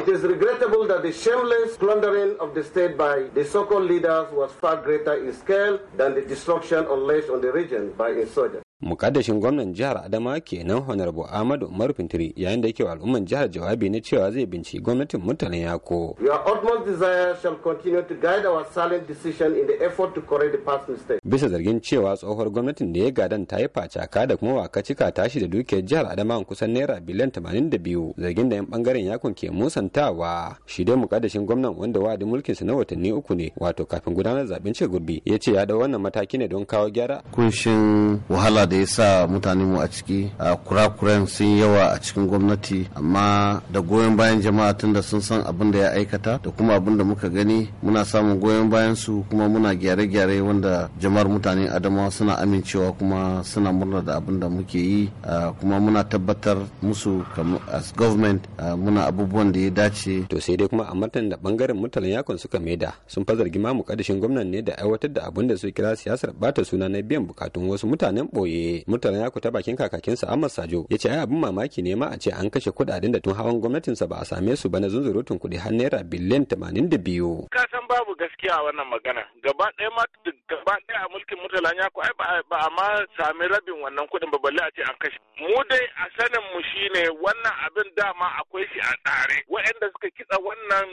It is regrettable that the shameless plundering of the state by the so-called leaders was far greater in scale than the destruction unleashed on the region by insurgents. mukaddashin gwamnan jihar adama kenan honorable ahmadu umar fintiri yayin da yake wa al'umman jihar jawabi na cewa zai binci gwamnatin mutanen yako your desire shall continue to guide our silent decision in effort to correct the bisa zargin cewa tsohuwar gwamnatin da ya gadan ta yi facaka da kuma waka cika tashi da dukiyar jihar adama kusan naira biliyan tamanin biyu zargin da yan bangaren yakon ke musantawa shi dai mukaddashin gwamnan wanda wa'adin mulkin sa na watanni uku ne wato kafin gudanar zaben cin gurbi ya ce ya dau wannan mataki ne don kawo gyara kunshin wahala da ya sa mutane mu a ciki a kurakuren sun yawa a cikin gwamnati amma da goyon bayan jama'a tun da sun san abin da ya aikata da kuma abin da muka gani muna samun goyon bayan su kuma muna gyare-gyare wanda jama'ar mutane adamawa suna amincewa kuma suna murna da abin da muke yi kuma muna tabbatar musu as government muna abubuwan da ya dace to sai dai kuma a martan da bangaren mutanen yakon suka maida sun fa zargi ma mukaddashin gwamnan ne da aiwatar da abin da su kira siyasar bata suna na biyan bukatun wasu mutanen boye dai mutanen yaku ta bakin kakakinsa Ahmad Sajo ya ce ai abin mamaki ne ma a ce an kashe kudaden da tun hawan gwamnatinsa ba a same su ba na zunzurutun kuɗi har naira biliyan 82 ka san babu gaskiya wannan magana gaba ɗaya ma gaba ɗaya a mulkin murtala ya ku ai ba a ma sami rabin wannan kuɗin ba balle a ce an kashe mu dai a sanin mu shine wannan abin dama akwai shi a tsare waɗanda suka kitsa wannan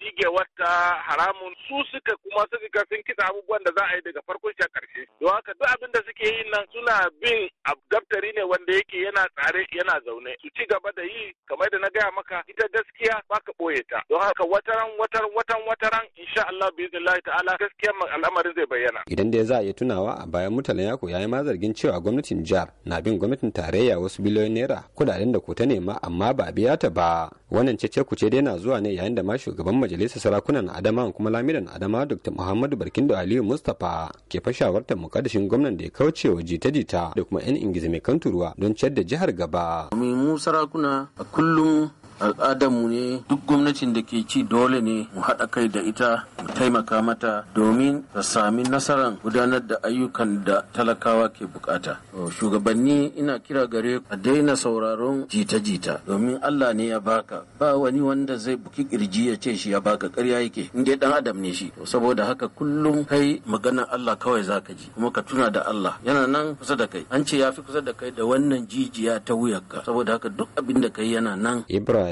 dige wata haramun su suka kuma suka ga sun kitsa abubuwan da za a yi daga farko shi a ƙarshe don haka duk abin da suke yi nan suna bin gaftari ne wanda yake yana tsare yana zaune su ci gaba da yi kamar da na gaya maka ita gaskiya ba ka ɓoye ta don haka wataran wataran wataran wataran insha Allah bi ta'ala gaskiyar al'amarin zai bayyana idan dai za a iya tunawa a bayan mutalan yako ya yi ma zargin cewa gwamnatin jihar na bin gwamnatin tarayya wasu biliyoyin naira kudaden da ko ta nema amma ba biya ta ba wannan cece ce dai na zuwa ne yayin da ma shugaban majalisar sarakunan adama kuma lamiran adama dr muhammadu barkindo aliyu mustapha ke fashawartar mukaddashin gwamnan da ya kauce wa jita-jita da kuma yan ingizi mai kanturuwa don ciyar da jihar gaba. mu sarakuna a kullum al'adarmu ne duk gwamnatin da ke ci dole ne mu haɗa kai da ita mu taimaka mata domin ta sami nasarar gudanar da ayyukan da talakawa ke bukata. Shugabanni ina kira gare a daina sauraron jita-jita domin Allah ne ya baka ba wani wanda zai buki kirji ya ce shi ya baka karya yake in dai dan adam ne shi saboda haka kullum kai maganar Allah kawai zaka ji kuma ka tuna da Allah yana nan kusa da kai an ce ya fi kusa da kai da wannan jijiya ta wuyarka saboda haka duk abin da kai yana nan. Ibrahim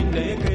இன்றைய